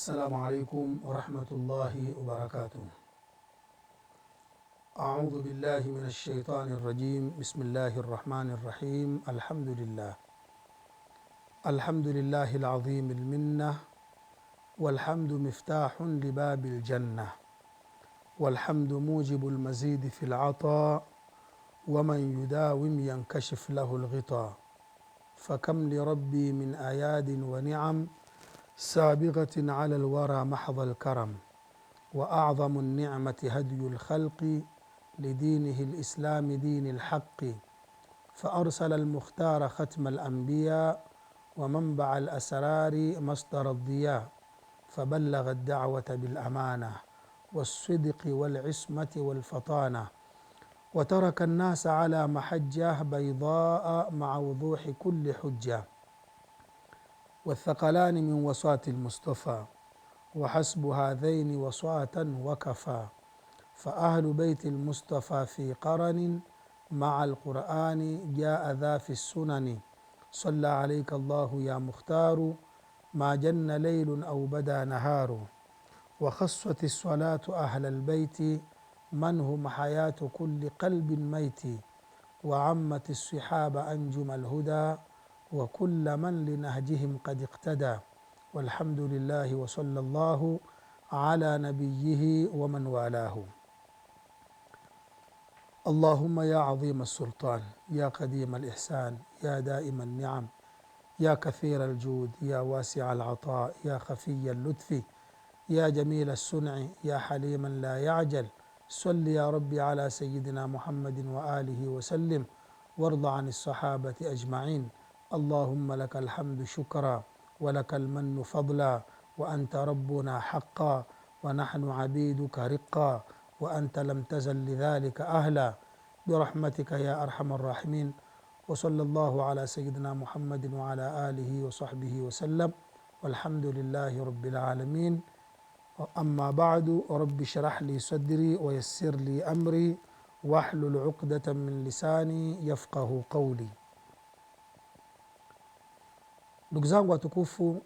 السلام عليكم ورحمة الله وبركاته أعوذ بالله من الشيطان الرجيم بسم الله الرحمن الرحيم الحمد لله الحمد لله العظيم المنة والحمد مفتاح لباب الجنة والحمد موجب المزيد في العطاء ومن يداوم ينكشف له الغطاء فكم لربي من آياد ونعم سابغة على الورى محض الكرم وأعظم النعمة هدي الخلق لدينه الإسلام دين الحق فأرسل المختار ختم الأنبياء ومنبع الأسرار مصدر الضياء فبلغ الدعوة بالأمانة والصدق والعصمة والفطانة وترك الناس على محجة بيضاء مع وضوح كل حجة والثقلان من وصاة المصطفى وحسب هذين وصاة وكفى فأهل بيت المصطفى في قرن مع القرآن جاء ذا في السنن صلى عليك الله يا مختار ما جن ليل أو بدا نهار وخصت الصلاة أهل البيت من هم حياة كل قلب ميت وعمت الصحاب أنجم الهدى وكل من لنهجهم قد اقتدى والحمد لله وصلى الله على نبيه ومن والاه اللهم يا عظيم السلطان يا قديم الإحسان يا دائم النعم يا كثير الجود يا واسع العطاء يا خفي اللطف يا جميل الصنع يا حليما لا يعجل صل يا ربي على سيدنا محمد وآله وسلم وارض عن الصحابة أجمعين اللهم لك الحمد شكرا ولك المن فضلا وأنت ربنا حقا ونحن عبيدك رقا وأنت لم تزل لذلك أهلا برحمتك يا أرحم الراحمين وصلى الله على سيدنا محمد وعلى آله وصحبه وسلم والحمد لله رب العالمين أما بعد رب اشرح لي صدري ويسر لي أمري واحلل عقدة من لساني يفقه قولي Ndugu zangu watukufu,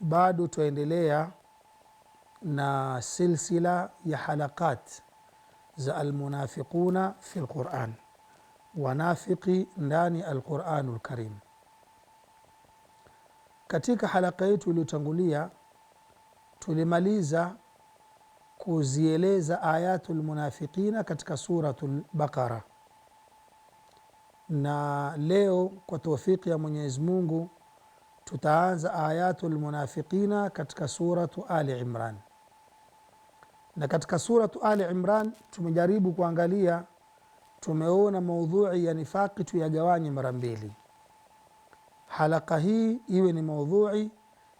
bado twaendelea na silsila ya halakat za almunafiquna fi lquran, wanafiki ndani alquranu lkarim. Katika halaka yetu iliyotangulia tulimaliza kuzieleza ayatu lmunafiqina katika suratu lbaqara, na leo kwa taufiki ya Mwenyezi Mungu tutaanza ayatu lmunafiqina katika suratu Ali Imran. Na katika suratu Ali Imran tumejaribu kuangalia, tumeona maudhui ya nifaqi tuyagawanye mara mbili, halaka hii iwe ni maudhui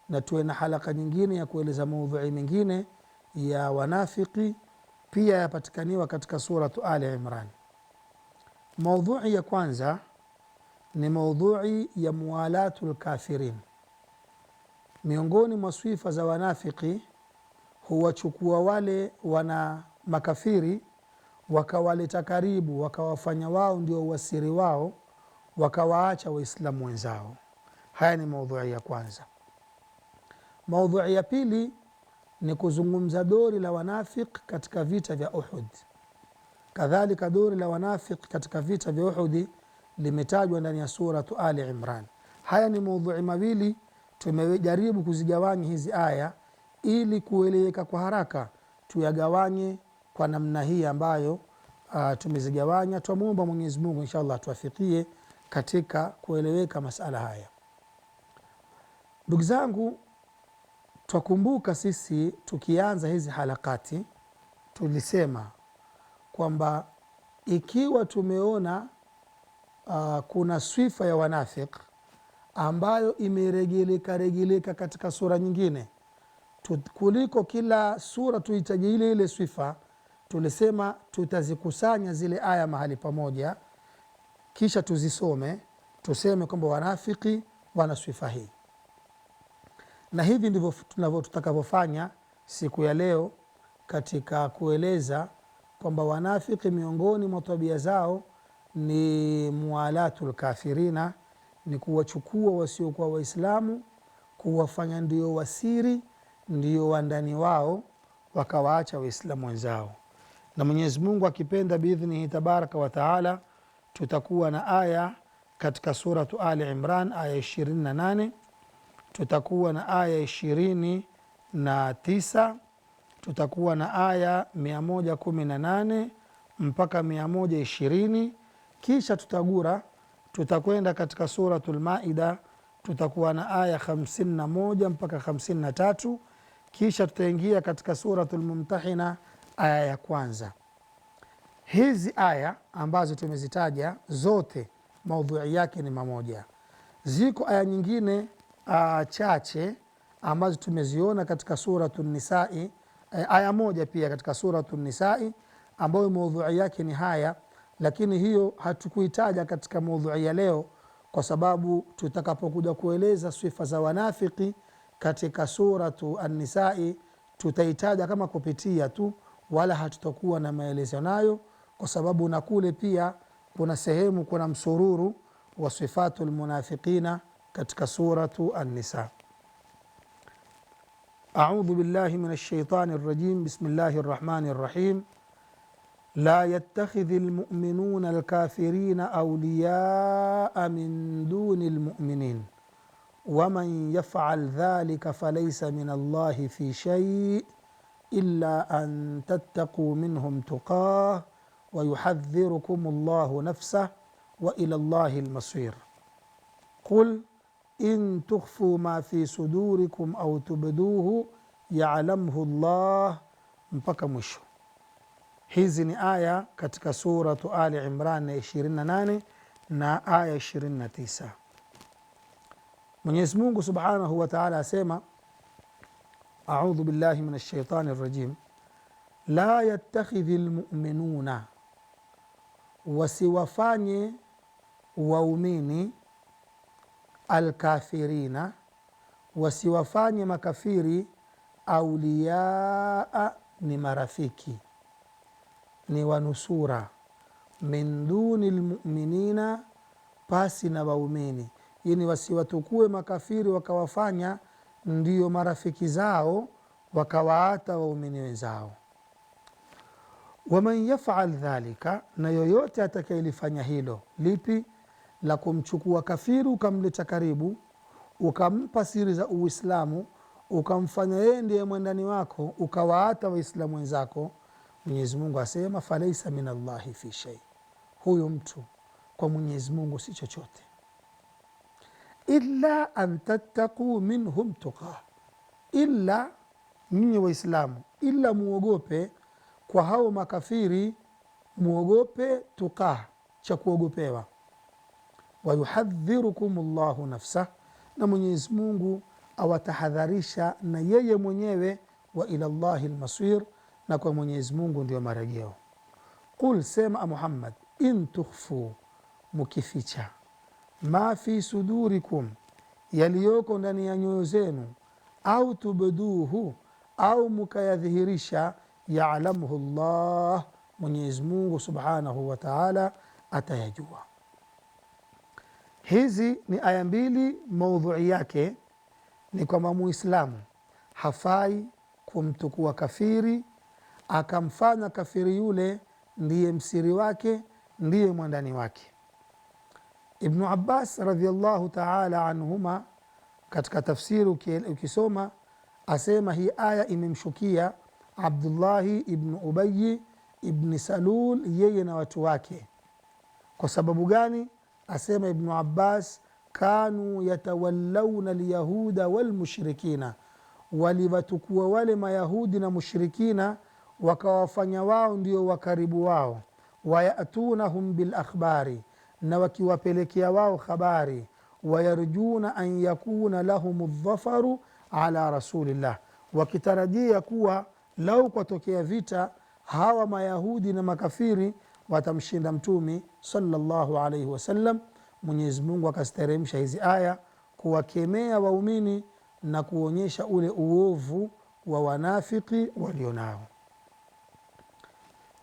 na tuwe na halaka nyingine ya kueleza maudhui mengine ya wanafiki pia yapatikaniwa katika suratu Ali Imran. Maudhui ya kwanza ni maudhui ya muwalatu lkafirin. Miongoni mwa swifa za wanafiki huwachukua wale wana makafiri wakawaleta karibu, wakawafanya wao ndio wasiri wao, wakawaacha waislamu wenzao. Haya ni maudhui ya kwanza. Maudhui ya pili ni kuzungumza dori la wanafiki katika vita vya Uhud. Kadhalika dori la wanafiki katika vita vya Uhudi limetajwa ndani ya suratu Ali Imran. Haya ni maudhui mawili, tumejaribu kuzigawanya hizi aya ili kueleweka kwa haraka, tuyagawanye kwa namna hii ambayo uh, tumezigawanya. Twamwomba Mwenyezi Mungu insha Allah tuafikie katika kueleweka masala haya. Ndugu zangu, twakumbuka sisi tukianza hizi halakati tulisema kwamba ikiwa tumeona uh, kuna swifa ya wanafiki ambayo imeregeleka regeleka katika sura nyingine kuliko kila sura tuhitaji ile ile swifa Tulisema tutazikusanya zile aya mahali pamoja, kisha tuzisome, tuseme kwamba wanafiki wana swifa hii, na hivi ndivyo tutakavyofanya siku ya leo katika kueleza kwamba wanafiki miongoni mwa tabia zao ni muwalatu lkafirina, ni kuwachukua wasiokuwa Waislamu, kuwafanya ndio wasiri ndio wandani wao, wakawaacha Waislamu wenzao. Na Mwenyezi Mungu akipenda biidhnihi tabaraka wa taala, tutakuwa na aya katika Suratu Ali Imran aya 28, tutakuwa na aya ishirini na tisa, tutakuwa na aya 118 mpaka 120 kisha tutagura tutakwenda katika Suratul Maida, tutakuwa na aya 51 mpaka 53, kisha tutaingia katika Suratul Mumtahina aya ya kwanza. Hizi aya ambazo tumezitaja zote maudhui yake ni mamoja. Ziko aya nyingine uh, chache ambazo tumeziona katika Suratu Nisai, eh, aya moja pia katika suratu Nisai ambayo maudhui yake ni haya lakini hiyo hatukuitaja katika maudhui ya leo, kwa sababu tutakapokuja kueleza sifa za wanafiki katika Suratu Annisai tutaitaja kama kupitia tu, wala hatutakuwa na maelezo nayo, kwa sababu na kule pia kuna sehemu, kuna msururu wa sifatu lmunafiqina katika Suratu Annisa. Audhu billahi min shaitani rajim. Bismillahi rahmani rahim لا يتخذ المؤمنون الكافرين اولياء من دون المؤمنين ومن يفعل ذلك فليس من الله في شيء الا ان تتقوا منهم تقاه ويحذركم الله نفسه والى الله المصير قل ان تخفوا ما في صدوركم او تبدوه يعلمه الله mpaka mwisho Hizi ni aya katika Suratu Ali Imran ya 28 na aya 29. Mwenyezi Mungu subhanahu wa taala asema, audhu billahi min ashaitani rajim, la yattakhidhi lmuminuna, wasiwafanye waumini alkafirina, wasiwafanye makafiri auliyaa, ni marafiki ni wanusura min duni lmuminina, pasi na waumini, yani wasiwatukue makafiri wakawafanya ndiyo marafiki zao wakawaata waumini wenzao. Waman yafal dhalika, na yoyote atakaelifanya hilo lipi la kumchukua kafiri ukamleta karibu ukampa siri za Uislamu ukamfanya yeye ndiye mwendani wako ukawaata Waislamu wenzako Mwenyezi Mungu asema falaisa min Allahi fi shei, huyu mtu kwa Mwenyezi Mungu si chochote, illa an tattaquu minhum tuqa, illa nyinyi Waislamu, illa muogope kwa hao makafiri, muogope tuqa, cha kuogopewa. Wayuhadhirukum llahu nafsah, na Mwenyezi Mungu awatahadharisha na yeye mwenyewe. Wa ila llahi lmasir na kwa Mwenyezi Mungu ndio marejeo. Qul, sema a Muhammad, in tukhfu, mukificha, ma fi sudurikum, yaliyoko ndani ya nyoyo zenu, au tubduhu, au mukayadhihirisha, yaalamhu llah, Mwenyezi Mungu subhanahu wa taala atayajua. Hizi ni aya mbili, maudhui yake ni kwamba muislamu hafai kumtukua kafiri akamfanya kafiri yule ndiye msiri wake, ndiye mwandani wake. Ibnu Abbas radhiallahu taala anhuma katika tafsiri ukisoma asema hii aya imemshukia Abdullahi ibnu Ubayi ibni Salul, yeye na watu wake. Kwa sababu gani? Asema Ibnu Abbas, kanu yatawallauna lyahuda walmushrikina, waliwatukua wale mayahudi na mushrikina wakawafanya wao ndio wakaribu wao, wayatunahum bilakhbari, na wakiwapelekea wao khabari wayarjuna an yakuna lahum ldhafaru ala rasulillah, wakitarajia kuwa lau kwatokea vita hawa Mayahudi na makafiri watamshinda Mtumi sallallahu alaihi wasallam. Mwenyezi Mungu akaziteremsha hizi aya kuwakemea waumini na kuonyesha ule uovu wa wanafiki walionao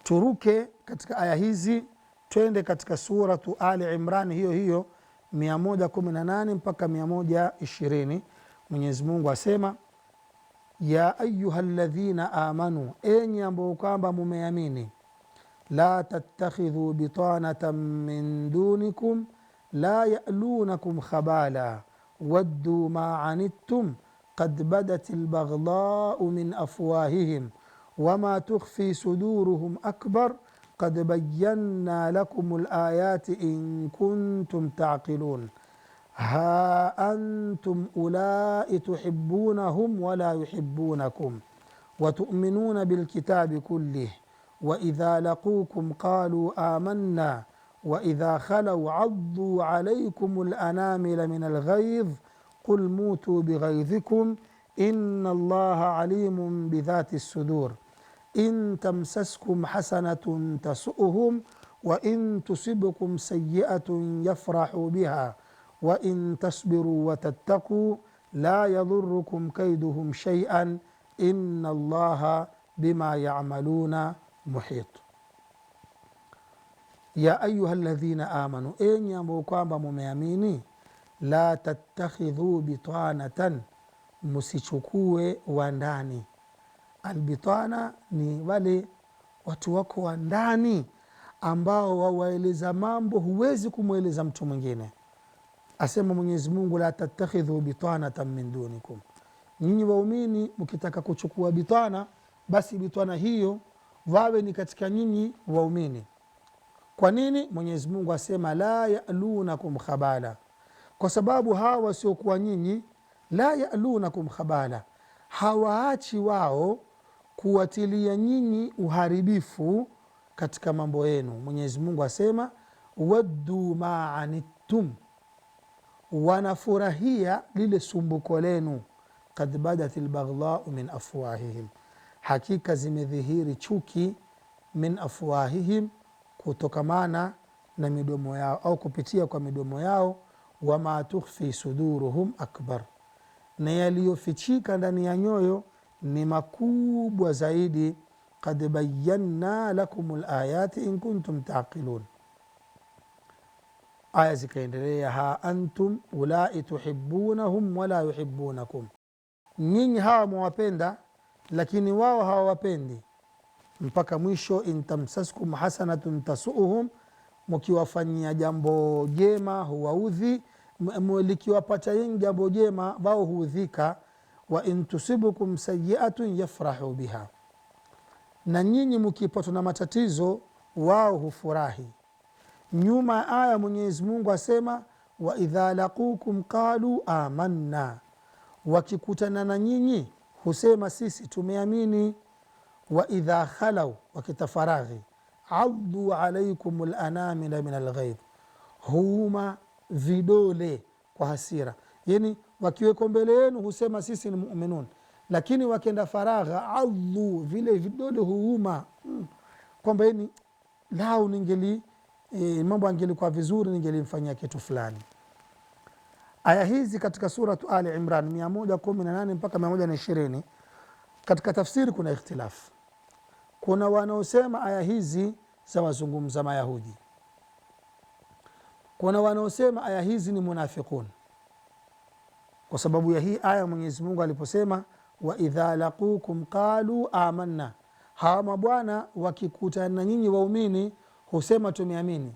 turuke katika aya hizi twende katika suratu Ali Imran hiyo hiyo 118 mpaka 120. Mwenyezi Mungu asema ya ayuha ladhina amanu, enyi ambao kwamba mumeamini, la tattakhidhu bitanatan min dunikum la yalunakum khabala wadduu ma anittum qad badat lbaghdau min afwahihim وما تخفي صدورهم أكبر قد بينا لكم الآيات إن كنتم تعقلون ها أنتم أولئك تحبونهم ولا يحبونكم وتؤمنون بالكتاب كله وإذا لقوكم قالوا آمنا وإذا خلوا عضوا عليكم الأنامل من الغيظ قل موتوا بغيظكم ۖ إن الله عليم بذات الصدور إن تمسسكم حسنة تسؤهم وإن تصبكم سيئة يفرحوا بها وإن تصبروا وتتقوا لا يضركم كيدهم شيئا إن الله بما يعملون محيط يا أيها الذين آمنوا إن يموكم بمؤمنين لا تتخذوا بطانة msichukue wa ndani. Albitana ni wale watu wako wa ndani ambao wawaeleza mambo huwezi kumweleza mtu mwingine. Asema Mwenyezi Mungu, la tattakhidhu bitanatan min dunikum, nyinyi waumini mkitaka kuchukua bitana, basi bitana hiyo wawe ni katika nyinyi waumini. Kwa nini? Mwenyezi Mungu asema la yalunakum khabala, kwa sababu hawa wasiokuwa nyinyi la yalunakum khabala, hawaachi wao kuwatilia nyinyi uharibifu katika mambo yenu. Mwenyezi Mungu asema waddu ma anittum, wanafurahia lile sumbuko lenu. Kad badat lbaghdau min afwahihim, hakika zimedhihiri chuki min afwahihim, kutokamana na midomo yao au kupitia kwa midomo yao. Wama tukhfi suduruhum akbar na yaliyofichika ndani ya nyoyo ni makubwa zaidi. kad bayanna lakum layati in kuntum taqilun. Aya zikaendelea, ha antum ulai tuhibunahum wala yuhibunakum, nyinyi hawa mwawapenda, lakini wao hawawapendi mpaka mwisho. intamsaskum hasanatun tasuuhum, mukiwafanyia jambo jema huwaudhi likiwapatayeni jambo jema wao huudhika, wa intusibukum sayiatun yafrahu biha, na nyinyi mkipatwa na matatizo wao hufurahi. Nyuma ya aya Mwenyezi Mungu asema wa idha laqukum qalu amanna, wakikutana na nyinyi husema sisi tumeamini. Wa idha khalau, wakitafaraghi, addu alaikum lanamila min alghaidh, huuma vidole kwa hasira, yani wakiweko mbele yenu husema sisi ni muminun, lakini wakenda faragha adhu, vile vidole huuma mm. kwamba ni yaani, lau ningeli e, mambo angelikuwa vizuri ningelimfanyia kitu fulani. Aya hizi katika Suratu Ali Imran 118 mpaka 120 katika tafsiri kuna ikhtilafu. Kuna wanaosema aya hizi za wazungumza Mayahudi kuna wanaosema aya hizi ni munafiqun kwa sababu ya hii aya Mwenyezi Mungu aliposema, wa idha laqukum qalu amanna, hawa mabwana wakikutana na nyinyi waumini husema tumeamini.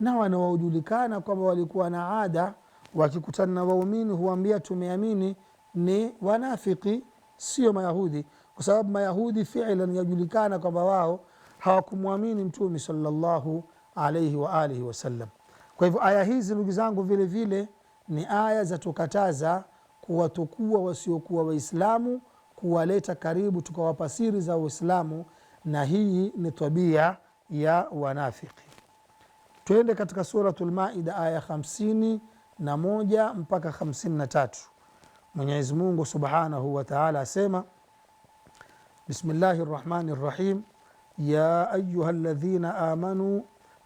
Na wanaojulikana kwamba walikuwa na ada, wakikutana na waumini huambia tumeamini ni wanafiki, sio Mayahudi, kwa sababu Mayahudi filan yajulikana kwamba wao hawakumwamini Mtume sallallahu alaihi wa alihi wasallam. Kwa hivyo aya hizi ndugu zangu, vile vile ni aya za tukataza kuwatukua wasiokuwa Waislamu, kuwaleta karibu, tukawapa siri za Uislamu, na hii ni tabia ya wanafiki. Twende katika Suratul Maida aya 51 mpaka 53. Mwenyezi Mungu subhanahu wataala asema: bismillahi rahmani rrahim ya ayuha ladhina amanu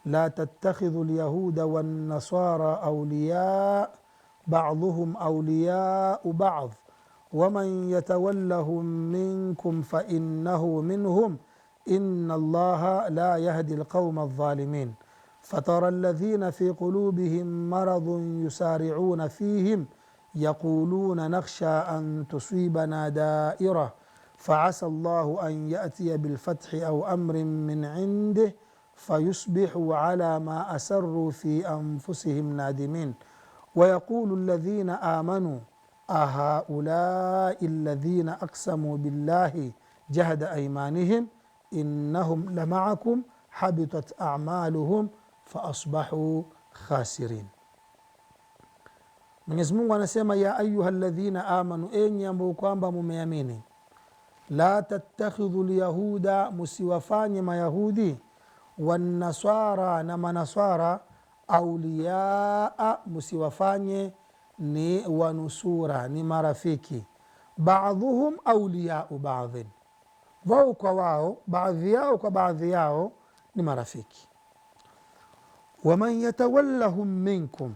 لا تتخذوا اليهود والنصارى أولياء بعضهم أولياء بعض ومن يتولهم منكم فإنه منهم إن الله لا يهدي القوم الظالمين فترى الذين في قلوبهم مرض يسارعون فيهم يقولون نخشى أن تصيبنا دائرة فعسى الله أن يأتي بالفتح أو أمر من عنده فيصبحوا على ما أسروا في أنفسهم نادمين ويقول الذين آمنوا أهؤلاء الذين أقسموا بالله جهد أيمانهم إنهم لمعكم حبطت أعمالهم فأصبحوا خاسرين من يزمون ونسيما يا أيها الذين آمنوا إن يموكم بمميامين لا تتخذوا اليهود مسوفان ما يهودي wanaswara na manaswara auliyaa musiwafanye ni wanusura ni marafiki baadhuhum auliyau baadhin wao kwa wao baadhi yao kwa baadhi yao ni marafiki waman yatawallahum minkum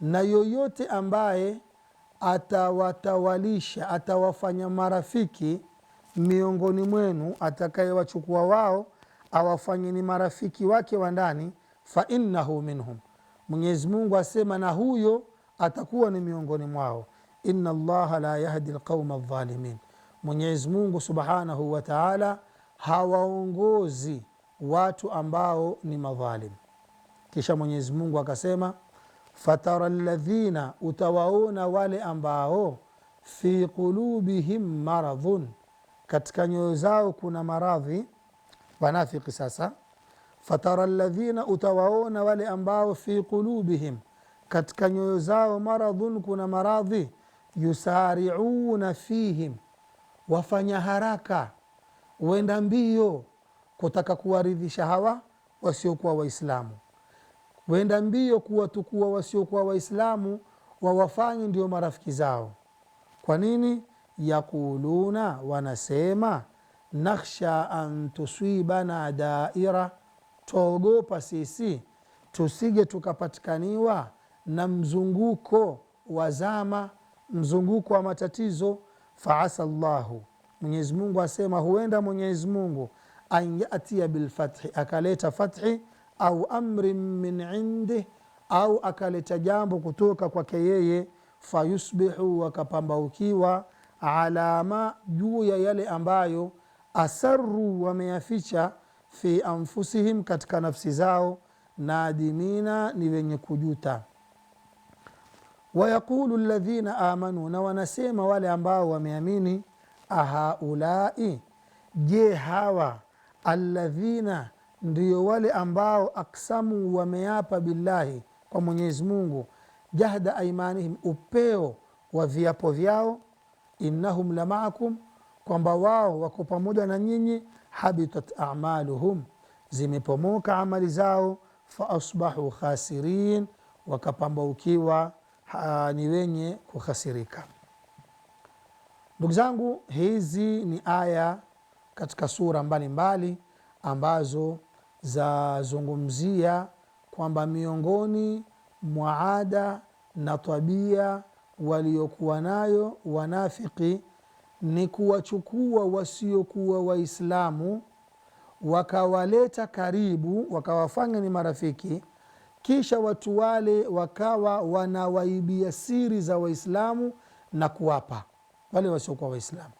na yoyote ambaye atawatawalisha atawafanya marafiki miongoni mwenu atakayewachukua wao awafanye marafiki wake wa ndani, fa minhum, Mwenyezi Mungu asema na huyo atakuwa ni miongoni mwao. Inna allaha la yahdi lqauma ldhalimin, Mwenyezi Mungu subhanahu wa taala hawaongozi watu ambao ni madhalim. Kisha Mwenyezi Mungu akasema, fatara ladhina, utawaona wale ambao fi qulubihim maradhun, katika nyoyo zao kuna maradhi wanafiki sasa, fatara alladhina, utawaona wale ambao fi qulubihim, katika nyoyo zao maradhun, kuna maradhi, yusariuna fihim, wafanya haraka, wenda mbio kutaka kuwaridhisha hawa wasiokuwa Waislamu, wenda mbio kuwatukua wasiokuwa Waislamu, wawafanye ndio marafiki zao. Kwa nini? Yaquluna, wanasema nakhsha an tuswibana daira, twaogopa sisi tusije tukapatikaniwa na mzunguko wa zama, mzunguko wa matatizo. Faasa llahu, Mwenyezi Mungu asema huenda Mwenyezi Mungu an yatia bilfathi, akaleta fathi au amrin min indih, au akaleta jambo kutoka kwake yeye. Fayusbihu, wakapambaukiwa ala ma, juu ya yale ambayo asarru wameyaficha fi anfusihim, katika nafsi zao, nadimina, ni wenye kujuta. Wayaqulu ladhina amanu, na wanasema wale ambao wameamini, ahaulai, je hawa, alladhina, ndio wale ambao aksamu, wameapa billahi, kwa Mwenyezi Mungu, jahda aimanihim, upeo wa viapo vyao, innahum lamaakum kwamba wao wako pamoja na nyinyi, habitat a'maluhum, zimepomoka amali zao, fa asbahu khasirin, wakapambaukiwa ni wenye kukhasirika. Ndugu zangu, hizi ni aya katika sura mbalimbali mbali, ambazo zazungumzia kwamba miongoni mwa ada na tabia waliokuwa nayo wanafiki ni kuwachukua wasiokuwa Waislamu wakawaleta karibu, wakawafanya ni marafiki, kisha watu wale wakawa wanawaibia siri za Waislamu na kuwapa wale wasiokuwa Waislamu.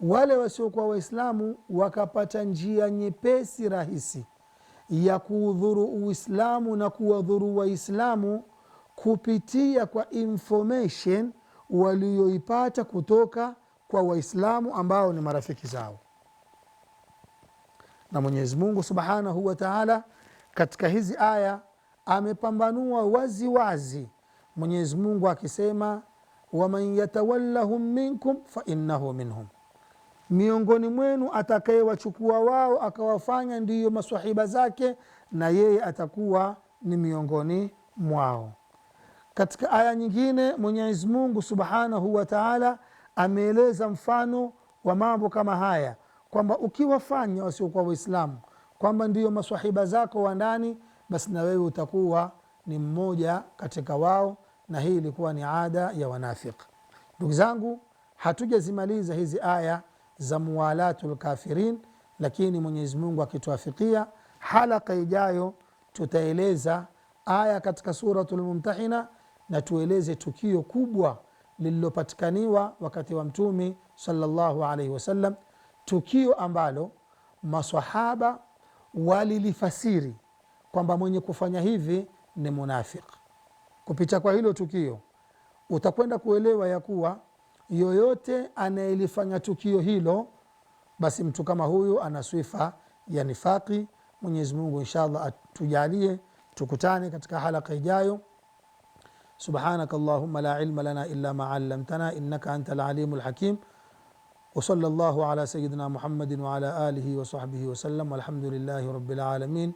Wale wasiokuwa Waislamu wakapata njia nyepesi rahisi ya kuudhuru Uislamu na kuwadhuru Waislamu kupitia kwa information walioipata kutoka kwa Waislamu ambao ni marafiki zao. Na Mwenyezi Mungu Subhanahu wa Ta'ala katika hizi aya amepambanua wazi wazi Mwenyezi Mungu akisema, waman yatawallahum minkum fa innahu minhum, miongoni mwenu atakayewachukua wao akawafanya ndiyo maswahiba zake, na yeye atakuwa ni miongoni mwao. Katika aya nyingine Mwenyezi Mungu Subhanahu wa Ta'ala ameeleza mfano wa mambo kama haya kwamba ukiwafanya wasiokuwa Waislamu kwamba ndiyo maswahiba zako wa ndani, basi na wewe utakuwa ni mmoja katika wao, na hii ilikuwa ni ada ya wanafiq. Ndugu zangu, hatujazimaliza hizi aya za muwalatu lkafirin, lakini Mwenyezi Mungu akituafikia, halaka ijayo tutaeleza aya katika Suratu Lmumtahina na tueleze tukio kubwa lililopatikaniwa wakati wa Mtume salallahu alaihi wasallam, tukio ambalo masahaba walilifasiri kwamba mwenye kufanya hivi ni munafik. Kupitia kwa hilo tukio utakwenda kuelewa ya kuwa yoyote anayelifanya tukio hilo, basi mtu kama huyu ana sifa ya nifaqi. Mwenyezi Mungu insha Allah atujalie tukutane katika halaka ijayo. سبحانك اللهم لا علم لنا إلا ما علمتنا إنك أنت العليم الحكيم وصلى الله على سيدنا محمد وعلى آله وصحبه وسلم والحمد لله رب العالمين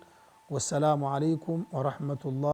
والسلام عليكم ورحمة الله